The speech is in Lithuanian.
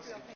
pasakyt